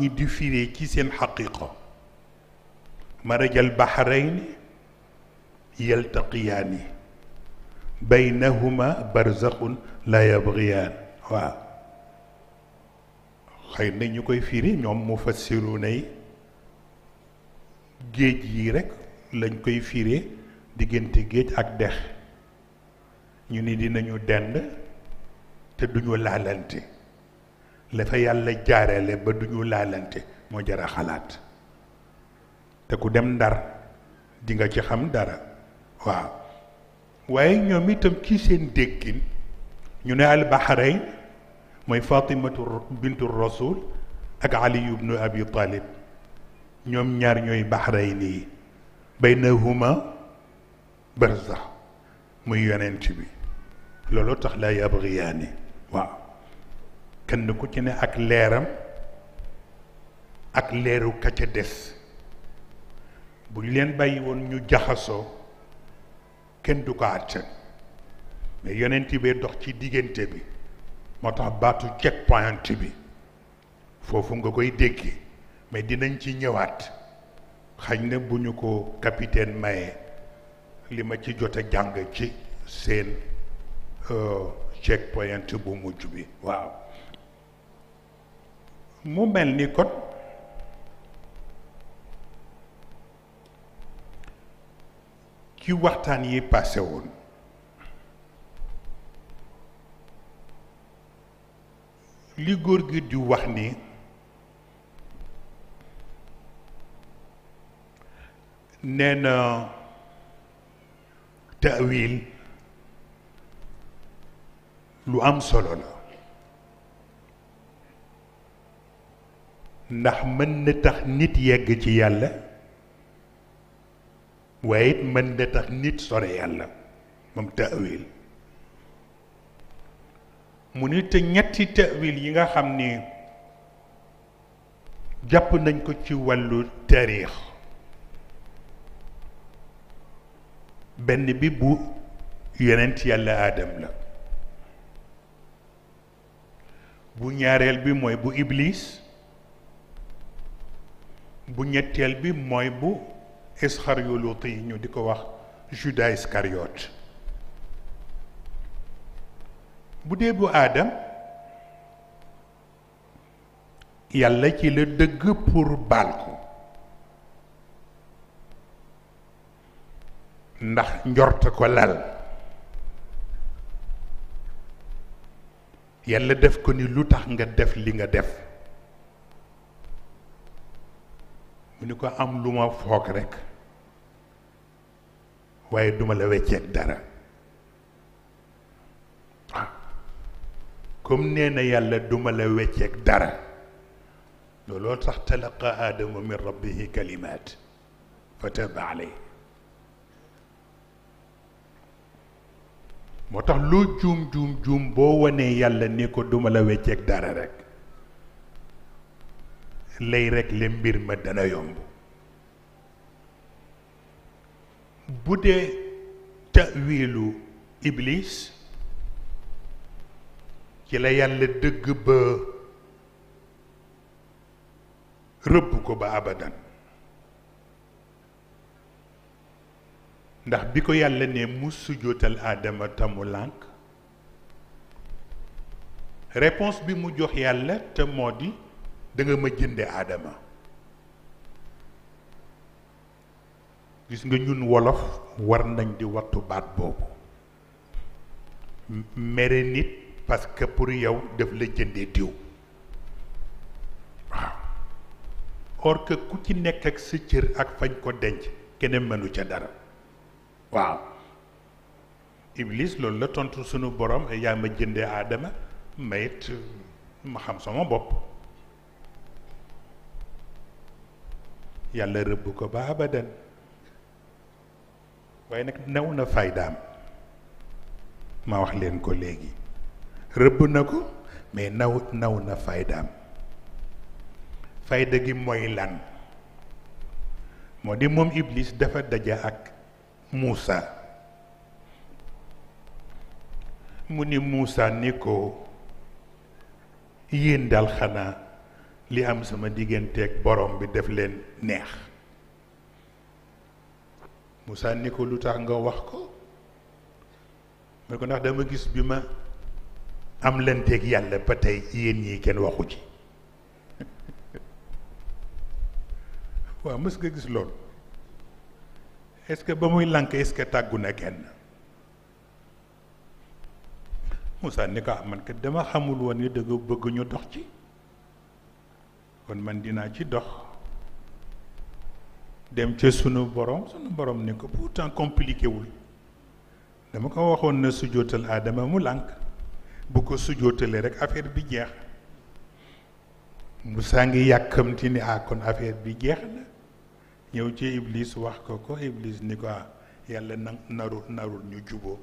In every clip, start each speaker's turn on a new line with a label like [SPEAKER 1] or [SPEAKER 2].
[SPEAKER 1] ñi di firee ci seen xaqiqa marajal baxarayni yaltaqiyaani baynahuma barzaxun la yabgiyaan waaw xëy na ñu koy firi ñoom mufassiruna yi géej yi rek lañ koy firee diggante géej ak dex ñu ni dinañu dend te duñu laalante la fa yàlla jaareele ba du ñu laalante moo jara xalaat te ku dem ndar di nga ci xam dara waaw waaye ñoom itam ci seen déggin ñu ne albaxarayn mooy fatimatu bintu rasul ak aliyu bnu abi talib ñoom ñaar ñooy baxarayn yi baynahuma barzax muy yonent bi loolu tax la yabgiyaani waaw kenn ku ci ne ak leeram ak leeru ka ca des bu ñu leen bàyyi woon ñu jaxasoo kenn du ko àttan mais yonent bee dox ci diggante bi moo tax baatu check point bi foofu nga koy déggee mais dinañ ci ñëwaat xañ ne bu ñu ko capitaine maye li ma ci jot a jàng ci seen euh, check point bu mujj bi waaw mu mel ni kon ki waxtaan yi passé woon li di wax ni lu am solo la ndax mën na tax nit yegg ci yàlla waaye it mën na tax nit sore yàlla moom taawil mu ni te ñetti taawil yi nga xam ni jàpp nañ ko ci wàllu taarix benn bi bu yonent yàlla aadam la bu ñaareel bi mooy bu ibliis bu ñetteel bi mooy bu Isxariyoot yi ñu di ko wax Judas Iscariote bu dee bu aadam yàlla ci la dëgg pour baal ko ndax njort ko lal yàlla def ko ni lu tax nga def li nga def ni ko am lu ma foog rekk waaye duma la wecceeg dara waaw comme nee na yàlla duma la wecceeg dara looloo tax talaqa aadama min rabbihi kalimaat fa taba aley moo tax loo juum juum juum boo wanee yàlla ni ko duma la wecceeg dara rekk lay régler mbir ma dana yomb bu dee tawilu iblis ci la yàlla dëgg ba rëbb ko ba abadan ndax bi ko yàlla ne mu sujootal aadama tamu lànk réponse bi mu jox yàlla te moo di danga ma jënde aadama gis nga ñun wolof war nañ di wattu baat boobu mere nit parce que pour yow daf la jënde diw waaw or ku ci nekk ak sa cër ak fañ ko denc keneen mënu ca dara waaw Iblis loolu la tontu sunu borom yaa ma jënde aadama mayit ma xam sama bopp yalla rebb ko ba abadan way nak new na faydaam ma wax len ko legi rebb nako mais naw naw na faydaam fayda gi moy lan modi di Iblis dafa dajja ak musa muni Musa niko yendal khana li am sama digënté ak borom bi def leen neex Moussa ni ko lu tax nga wax ko mais ko ndax dama gis bi ma am ak Yalla ba tey yéen ñii kenn waxu ci waaw mës nga gis lool est-ce que ba muy lànk est-ce que tàggu na kenn Moussa ni ko man kat dama xamul woon ni dëgg bëgg ñu dox ci kon man dinaa ci dox dem ca sunu borom sunu borom ne ko pourtant compliqué wul dama ko waxoon na sujootal aadama mu lànk bu ko sujootalee rek affaire bi jeex Musaa ngi yàkkamti ni ah kon affaire bi jeex na ñëw ci Iblis wax ko ko Iblis ni ko ah, yàlla na naru narul ñu juboo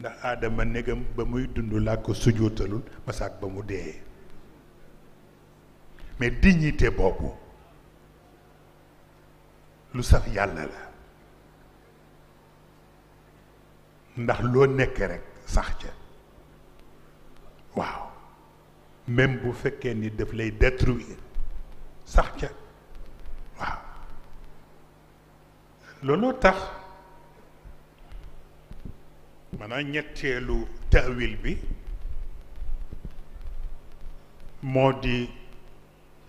[SPEAKER 1] ndax aadama negam ba muy dund laa ko sujootalul ba saak ba mu dee. mais dignité bobu lu sax là la ndax lo nek rek sax ca waaw même bu fekkee ni Nous lay détruire sax ca waaw ce tax mana ñettelu tawil bi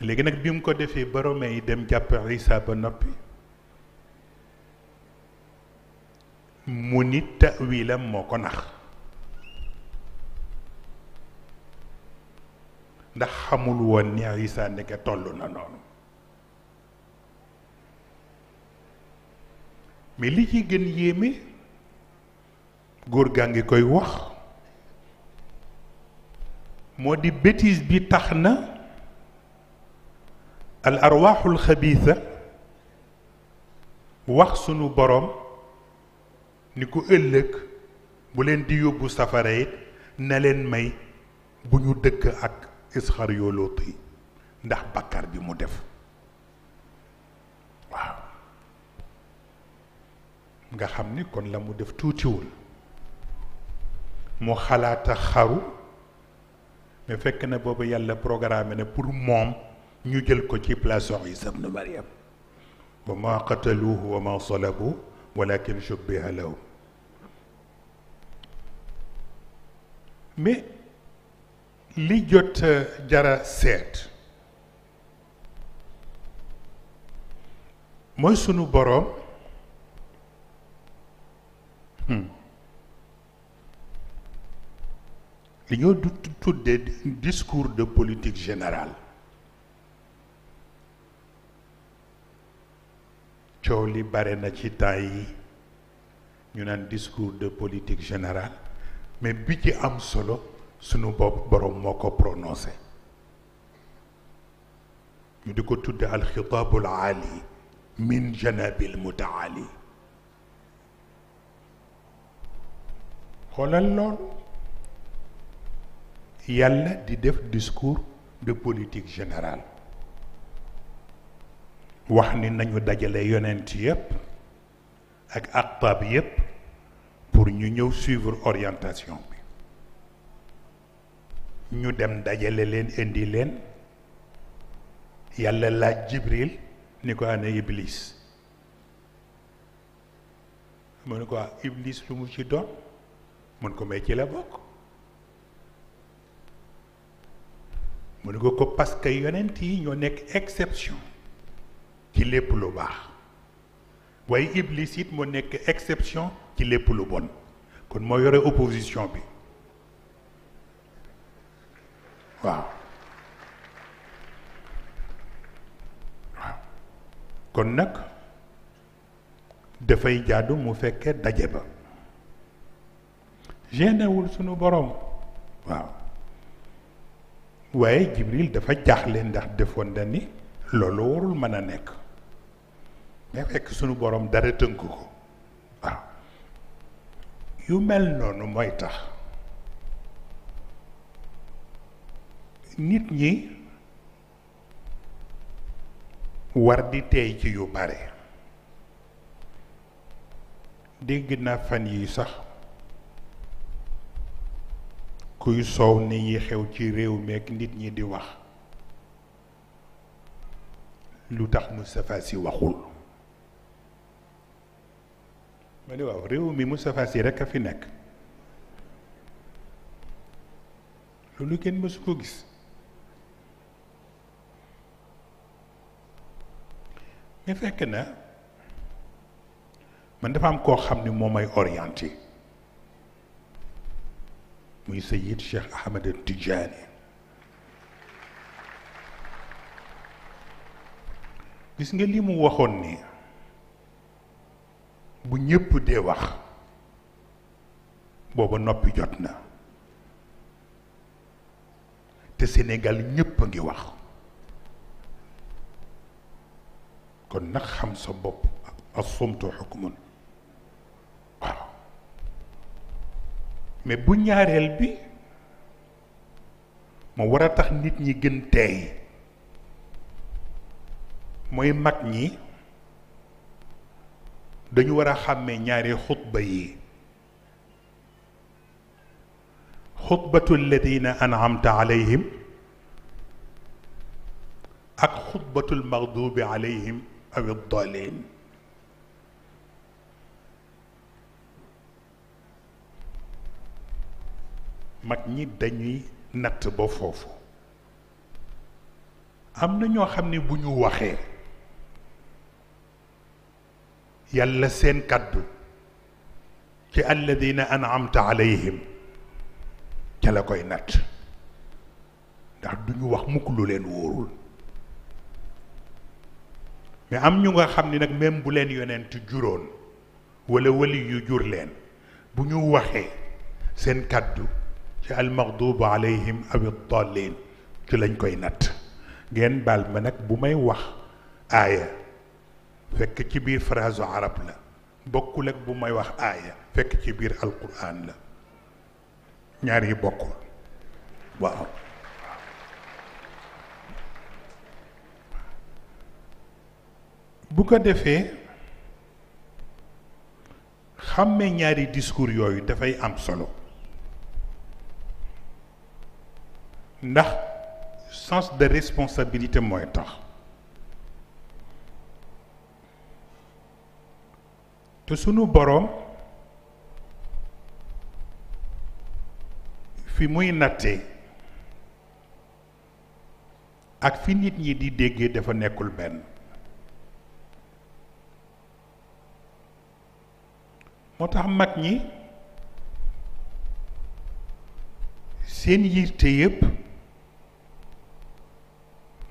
[SPEAKER 1] léegi nag bi mu ko defee ba Romain dem jàpp Isa ba noppi mu ni tawilam moo ko nax ndax xamul woon ni Isa ndeke toll na noonu mais li ci gën yéeme góor gaa ngi koy wax moo di bêtise bi tax na الارواح الخبيثه واخ سونو بروم نيكو إلك بولين دي يوبو سفاريت نالين مي بو دك اك اسخار يولوطي ندخ بكار بي مو ديف واو nga xamni kon la mu def tuti wul mu xalaata xaru mais fekk na boobu yàlla programme ne pour moom ñu jël ko ci place Isa bnu Maryam wa ma qataluuhu wa ma salabuuhu walakin shubbiha lahum mais li jot euh, jara seet mooy sunu boroom hmm, li ñoo du tuddee discours de politique générale coow barena bare na ci un ñu discours de politique générale mais bi ci am solo sunu bopp borom moko prononcer prononcé diko tudde al khitab al ali min janabil mutaali xoolal lool yalla di def discours de politique générale wax ni nañu dajale yonent yépp ak attab yépp pour ñu ñëw suivre orientation bi ñu dem dajale leen indi leen yàlla laaj jibril ni ko ana iblis mu ne ko ah, iblis lu mu ci doon mun ko may ci bokk mu ne ko ko parce que yonent yi ñoo nekk exception ci lépp lu baax waaye iblis it moo nekk exception ci lépp lu bon kon moo yore opposition bi waaw waaw kon nag dafay jaadu mu fekke dajé ba jéné wul sunu borom waaw waaye Jibril dafa jaxlé ndax defoon na ni loolu warul mën nek nga fekk sunu borom dara tënk ko yu mel noonu mooy tax nit ñi war di tey ci yu bare dégg na fan yi sax kuy soow ni yi xew ci réew meek nit ñi di wax lu tax Moustapha Sy waxul Valeu, Aureu Mimusa Fasiraka fi nekk loolu kenn mësu ko gis mais fekk na man dafa am koo xam ni moo may orienté muy Seyid Cheikh Ahmed Tidiane gis nga li mu waxoon nii bu ñépp dee wax booba noppi jot na te Sénégal ñépp a ngi wax kon nag xam sa bopp asumtu xukmun waaw mais bu ñaareel bi ma war a tax nit ñi gën teey mooy mag ñi dañu wara xamé ñaari khutba yi khutbatu alladhina anamta alayhim ak khutbatu almaghdubi alayhim aw ad-dallin mag ñi dañuy natt ba foofu am na ñoo xam ne bu ñu waxee يلا سين كدو كي الذين أنعمت عليهم كلا كوي نات دا دنيو واخ موكو لولين وورول مي ام نيغا خامني نك ميم بولين يونين تي جورون ولا ولي يو جور لين بو واخي سين كادو كي المغضوب عليهم او الضالين كي لاج كوي نات ген بال ما نك بو واخ ايه fekk ci biir phrase arab la bokkul ak bu may wax aaya fekk ci biir alquran la ñaar yi bokkul waaw bu ko defee xàmmee ñaari discours yooyu dafay am solo ndax sens de responsabilité mooy tax te sunu boroom fi muy natte ak fi nit ñi di déggee dafa nekkul benn moo tax mag ñi seen yitte yépp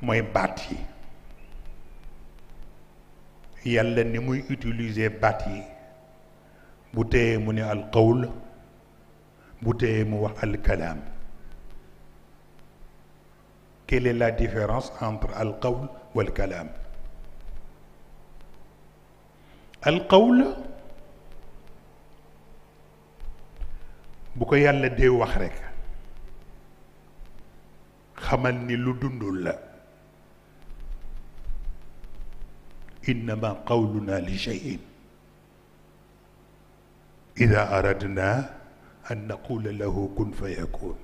[SPEAKER 1] mooy baat yi yàlla ni muy utiliser baat yi bu téyee mu ne alqawl bu téyee mu wax alkalaam quelle est la différence entre alqawl walkalaam alqawl bu ko yàlla dee wax rekk xamal ni lu dundul la إنما قولنا لشيء إذا أردنا أن نقول له كن فيكون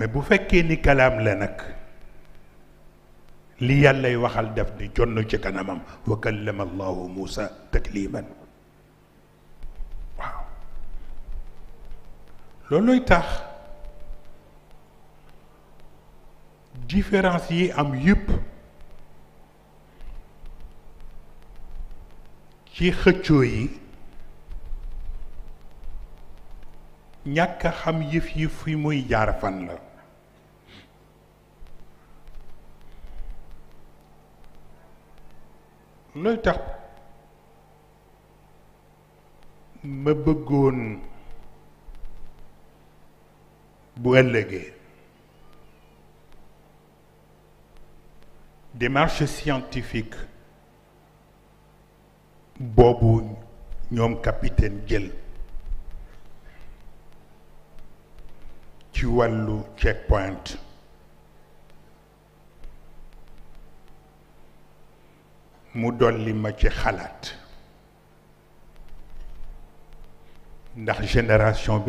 [SPEAKER 1] mais bu fekkee ni kalaam la nag li yàllay waxal def ni jonn ci kanamam wa kallama allahu muusa takliman waaw loolooy tax différence yi am yépp ci xëccoo yi ñàkk a xam yëf yi fi muy jaar fan la looy tax ma bëggoon bu ëllëgee démarche scientifique Bobu Nyom capitaine Gel, ci checkpoint mu doli ma ci génération